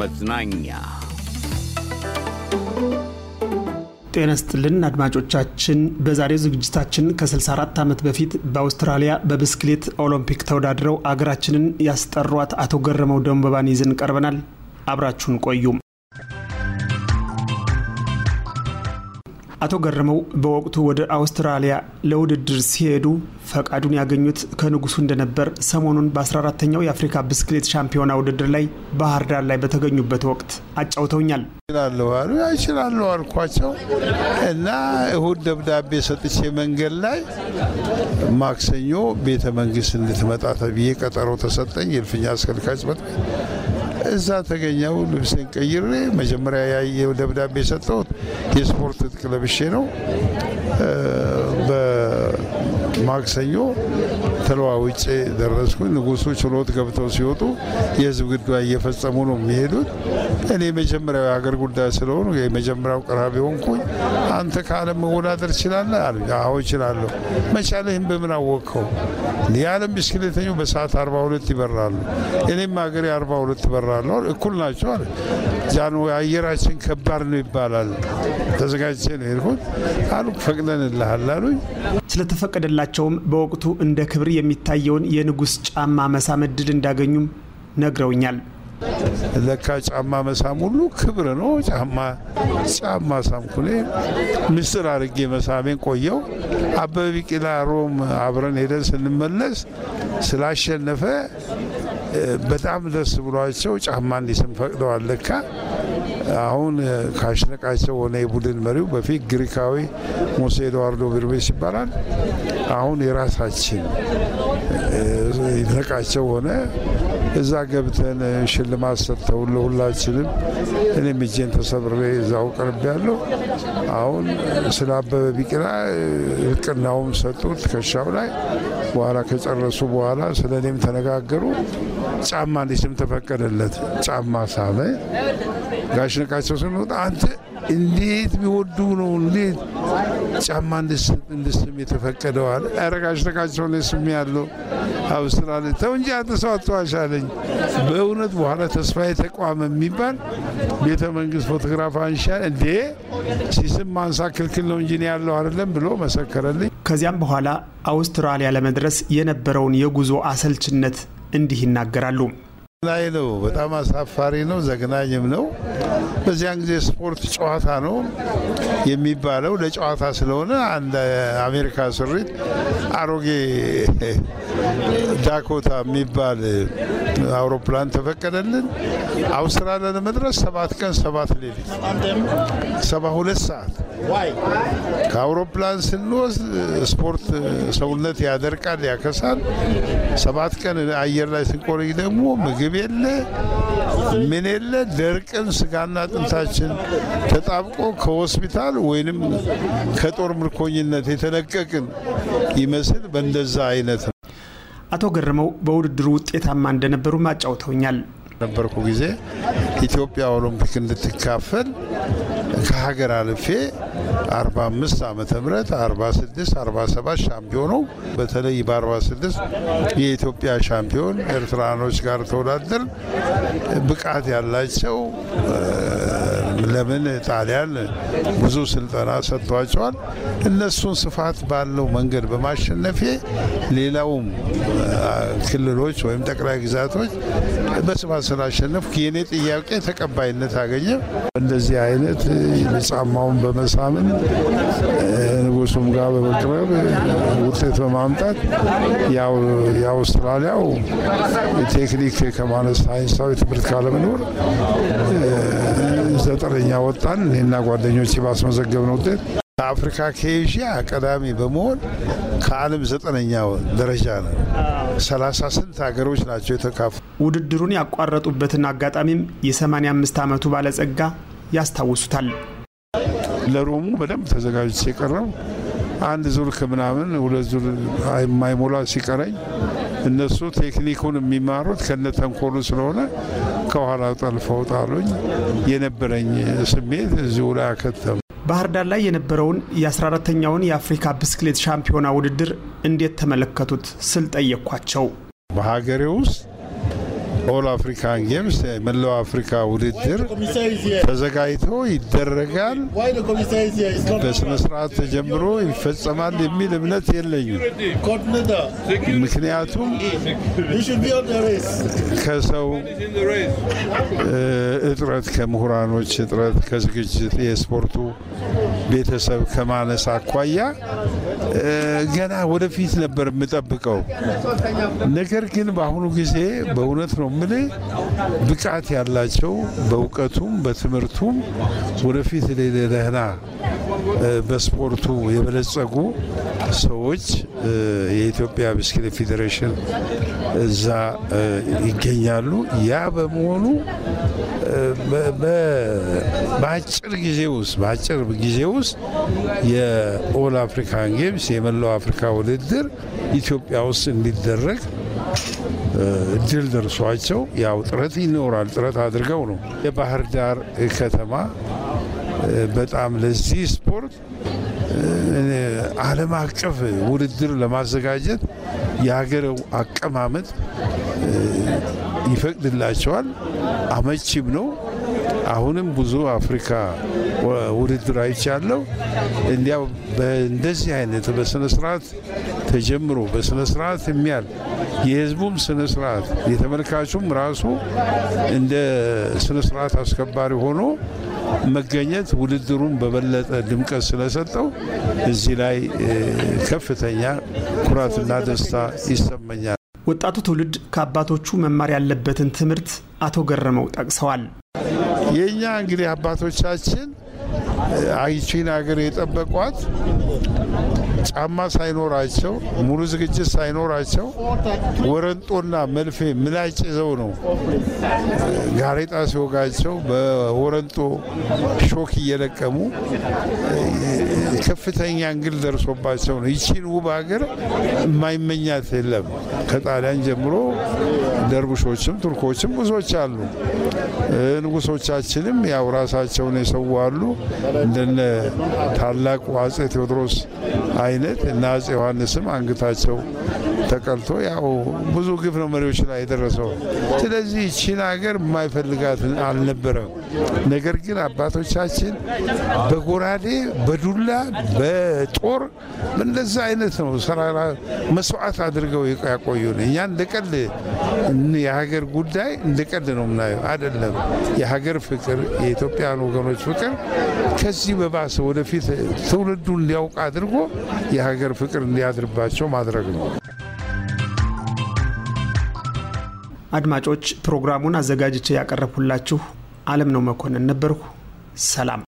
መዝናኛ ጤና አድማጮቻችን፣ በዛሬው ዝግጅታችን ከ64 ዓመት በፊት በአውስትራሊያ በብስክሌት ኦሎምፒክ ተወዳድረው አገራችንን ያስጠሯት አቶ ገረመው ደንበባን ይዘን ቀርበናል። አብራችሁን ቆዩም። አቶ ገረመው በወቅቱ ወደ አውስትራሊያ ለውድድር ሲሄዱ ፈቃዱን ያገኙት ከንጉሱ እንደነበር ሰሞኑን በ14ተኛው የአፍሪካ ብስክሌት ሻምፒዮና ውድድር ላይ ባህር ዳር ላይ በተገኙበት ወቅት አጫውተውኛል። ይችላለሁ አሉ አልኳቸው እና እሁድ ደብዳቤ ሰጥቼ መንገድ ላይ ማክሰኞ ቤተ መንግስት እንድትመጣ ተብዬ ቀጠሮ ተሰጠኝ። የልፍኛ አስከልካይ ጽሕፈት ቤት እዛ ተገኘው ልብሴን ቀይሬ መጀመሪያ ያየው ደብዳቤ ሰጠሁት የስፖርት ክለብሼ ነው። ማክሰኞ ተለዋውጬ ደረስኩኝ። ንጉሱ ችሎት ገብተው ሲወጡ የህዝብ ጉዳይ እየፈጸሙ ነው የሚሄዱት። እኔ የመጀመሪያው የሀገር ጉዳይ ስለሆኑ የመጀመሪያው ቅራቢ ሆንኩኝ። አንተ ከዓለም መወዳደር ችላለ አሉ። አዎ እችላለሁ። መቻልህን በምን አወቅከው? የዓለም ብስክሌተኞች በሰዓት 42 ይበራሉ፣ እኔም ሀገሬ 42 ይበራሉ። እኩል ናቸው አለ። ጃኑ አየራችን ከባድ ነው ይባላል። ተዘጋጅቼ ነው ሄድኩት አሉ። ፈቅደንልሃል አሉኝ። ስለተፈቀደላ በመሆናቸውም በወቅቱ እንደ ክብር የሚታየውን የንጉሥ ጫማ መሳም እድል እንዳገኙም ነግረውኛል። ለካ ጫማ መሳም ሁሉ ክብር ነው። ጫማ ጫማ ሳምኩኔ ምስጢር አድርጌ መሳሜን ቆየው። አበበ ቢቂላ ሮም አብረን ሄደን ስንመለስ ስላሸነፈ በጣም ደስ ብሏቸው ጫማ እንዲስም ፈቅደዋል። ለካ አሁን ሰው ሆነ የቡድን መሪው በፊት ግሪካዊ ሙሴ ኤድዋርዶ ብርቤስ ይባላል። አሁን የራሳችን ነቃቸው ሆነ እዛ ገብተን ሽልማት ሰጥተው ለሁላችንም እኔ እጄን ተሰብሬ እዛው ቅርብ ያለው አሁን ስለ አበበ ቢቂላ እልቅናውም ሰጡ ትከሻው ላይ። በኋላ ከጨረሱ በኋላ ስለ እኔም ተነጋገሩ። ጫማ እንዲስም ተፈቀደለት። ጫማ ሳለ ጋሽ ነቃቸው ስንወጣ አንተ እንዴት ቢወዱ ነው እንዴት ጫማ እንድስም የተፈቀደው አለ። ኧረ ጋሽ ነቃቸው ላይ ስም ያለው አብስራለ ተው እንጂ አንተ ሰው አትዋሻለኝ። በእውነት በኋላ ተስፋ የተቋመ የሚባል ቤተ መንግስት ፎቶግራፍ አንሻ እንዴ ሲስም ማንሳ ክልክል ነው እንጂ ያለው አይደለም ብሎ መሰከረልኝ። ከዚያም በኋላ አውስትራሊያ ለመድረስ የነበረውን የጉዞ አሰልችነት እንዲህ ይናገራሉ። ዘግናኝ ነው። በጣም አሳፋሪ ነው። ዘግናኝም ነው። በዚያን ጊዜ ስፖርት ጨዋታ ነው የሚባለው ለጨዋታ ስለሆነ አንድ አሜሪካ ስሪት አሮጌ ዳኮታ የሚባል አውሮፕላን ተፈቀደልን። አውስትራሊያ ለመድረስ ሰባት ቀን ሰባት ሌሊት ሰባ ሁለት ሰዓት ከአውሮፕላን ስንወስድ ስፖርት ሰውነት ያደርቃል፣ ያከሳል። ሰባት ቀን አየር ላይ ስንቆይ ደግሞ ምግብ የለ ምን የለ ደርቅን ስጋና አጥንታችን ተጣብቆ ከሆስፒታል ወይንም ከጦር ምርኮኝነት የተለቀቅን ይመስል በእንደዛ አይነት ነው። አቶ ገረመው በውድድሩ ውጤታማ እንደነበሩ አጫውተውኛል። ነበርኩ ጊዜ ኢትዮጵያ ኦሎምፒክ እንድትካፈል ከሀገር አልፌ 45 ዓመተ ምህረት 46 47 ሻምፒዮኑ በተለይ በ46 የኢትዮጵያ ሻምፒዮን ኤርትራኖች ጋር ተወዳደር ብቃት ያላቸው ለምን ጣሊያን ብዙ ስልጠና ሰጥቷቸዋል። እነሱን ስፋት ባለው መንገድ በማሸነፌ ሌላውም ክልሎች ወይም ጠቅላይ ግዛቶች በስፋት ስላሸነፍ የኔ ጥያቄ ተቀባይነት አገኘ። እንደዚህ አይነት ጫማውን በመሳምን ንጉሱም ጋር በመቅረብ ውጤት በማምጣት የአውስትራሊያው ቴክኒክ ከማነስ ሳይንሳዊ ትምህርት ካለመኖር ጠረኛ ወጣን። እኔና ጓደኞች ባስመዘገብነው ውጤት ከአፍሪካ ከኤዥያ ቀዳሚ በመሆን ከዓለም ዘጠነኛ ደረጃ ነው። ሰላሳ ስንት ሀገሮች ናቸው የተካፉ። ውድድሩን ያቋረጡበትን አጋጣሚም የ85 ዓመቱ ባለጸጋ ያስታውሱታል። ለሮሙ በደንብ ተዘጋጅ ሲቀረው አንድ ዙር ከምናምን ሁለት ዙር የማይሞላ ሲቀረኝ እነሱ ቴክኒኩን የሚማሩት ተንኮሉ ስለሆነ ከኋላ ጠልፈው ጣሉኝ። የነበረኝ ስሜት እዚሁ ላይ አከተሙ። ባህር ዳር ላይ የነበረውን የ14ተኛውን የአፍሪካ ብስክሌት ሻምፒዮና ውድድር እንዴት ተመለከቱት ስል ጠየኳቸው። በሀገሬ ውስጥ ኦል አፍሪካን ጌምስ መላው አፍሪካ ውድድር ተዘጋጅቶ ይደረጋል፣ በስነ ስርዓት ተጀምሮ ይፈጸማል የሚል እምነት የለኝም። ምክንያቱም ከሰው እጥረት ከምሁራኖች እጥረት ከዝግጅት የስፖርቱ ቤተሰብ ከማነስ አኳያ ገና ወደፊት ነበር የምጠብቀው። ነገር ግን በአሁኑ ጊዜ በእውነት ነው የምልህ ብቃት ያላቸው በእውቀቱም በትምህርቱም ወደፊት ሌለ ደህና በስፖርቱ የበለጸጉ ሰዎች የኢትዮጵያ ብስክሌት ፌዴሬሽን እዛ ይገኛሉ። ያ በመሆኑ በአጭር ጊዜ ውስጥ በአጭር ጊዜ ውስጥ የኦል አፍሪካን ጌምስ የመላው አፍሪካ ውድድር ኢትዮጵያ ውስጥ እንዲደረግ እድል ደርሷቸው ያው ጥረት ይኖራል። ጥረት አድርገው ነው የባህር ዳር ከተማ በጣም ለዚህ ስፖርት ዓለም አቀፍ ውድድር ለማዘጋጀት የሀገር አቀማመጥ ይፈቅድላቸዋል። አመቺም ነው። አሁንም ብዙ አፍሪካ ውድድር አይቻለሁ። እንዲያው በእንደዚህ አይነት በስነስርዓት ተጀምሮ በስነስርዓት የሚያል የህዝቡም ስነስርዓት የተመልካቹም ራሱ እንደ ስነስርዓት አስከባሪ ሆኖ መገኘት ውድድሩን በበለጠ ድምቀት ስለሰጠው እዚህ ላይ ከፍተኛ ኩራትና ደስታ ይሰመኛል። ወጣቱ ትውልድ ከአባቶቹ መማር ያለበትን ትምህርት አቶ ገረመው ጠቅሰዋል። የእኛ እንግዲህ አባቶቻችን አይቺን ሀገር የጠበቋት ጫማ ሳይኖራቸው ሙሉ ዝግጅት ሳይኖራቸው ወረንጦና መልፌ ምላጭ ይዘው ነው ጋሬጣ ሲወጋቸው በወረንጦ ሾክ እየለቀሙ ከፍተኛ እንግል ደርሶባቸው ነው። ይቺን ውብ ሀገር የማይመኛት የለም። ከጣሊያን ጀምሮ ደርቡሾችም ቱርኮችም ብዙዎች አሉ። ንጉሶቻችንም ያው ራሳቸውን የሰዋሉ። እንደነ ታላቁ አጼ ቴዎድሮስ አይነት እና አጼ ዮሐንስም አንገታቸው ተቀልቶ ያው ብዙ ግፍ ነው መሪዎች ላይ የደረሰው። ስለዚህ ቺን ሀገር የማይፈልጋት አልነበረም። ነገር ግን አባቶቻችን በጎራዴ በዱላ በጦር እንደዛ አይነት ነው ሰራ መስዋዕት አድርገው ያቆዩን። እኛ እንደቀል የሀገር ጉዳይ እንደቀል ነው ምናየው አይደለም። የሀገር ፍቅር የኢትዮጵያን ወገኖች ፍቅር ከዚህ በባሰ ወደፊት ትውልዱ እንዲያውቅ አድርጎ የሀገር ፍቅር እንዲያድርባቸው ማድረግ ነው። አድማጮች ፕሮግራሙን አዘጋጅቼ ያቀረብኩላችሁ አለም ነው መኮንን ነበርኩ። ሰላም።